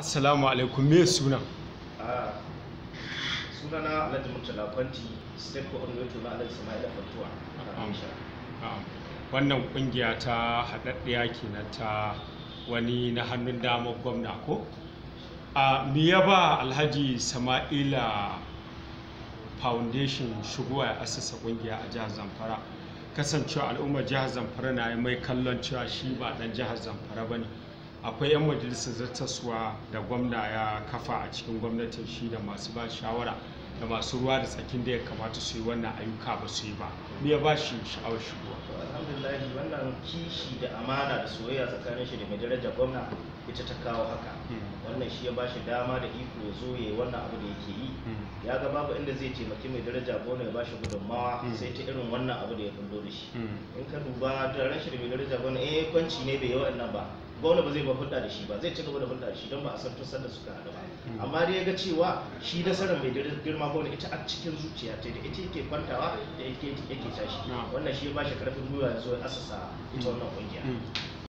assalamu alaikum me suna ah, sunana alhaji murtala kwanti state coordinator na alhaji sama'ila fatuwa wannan kungiya ta haɗaɗɗiya kenan ta wani na hannun damar gwamna ko a me ya ba alhaji sama'ila foundation shigowa ya asasa kungiya a jihar zamfara kasancewa al'ummar jihar zamfara na mai kallon cewa shi ba dan jihar zamfara ba ne akwai 'yan majalisar zartaswa da gwamna ya kafa a cikin gwamnatin shi da masu ba shawara da masu ruwa da tsakin da ya kamata su yi wannan ayyuka ba su yi ba me ya ba shi sha'awar shigowa alhamdulillah wannan kishi da amana da soyayya tsakanin shi da mai gwamna ita ta kawo haka hmm. wannan shi ya ba shi dama da iko ya zo ya yi wannan abu da yake yi hmm. ya ga babu inda zai taimaki mai daraja gona ya ba shi gudunmawa hmm. sai ta irin wannan abu da ya fundo da shi in ka duba da da mai daraja gona eh kwanci ne bai yi nan ba gwamna ba zai ba hulɗa da shi ba zai ci gaba da hulɗa da shi don ba a san tussar da suka haɗu ba hmm. amma dai ya ga cewa shi nasarar mai girma gwamna ita a cikin zuciya ta da ita yake kwantawa da yake tashi hmm. wannan shi ya ba shi karfin gwiwa ya zo ya asasa ita wannan ƙungiya hmm.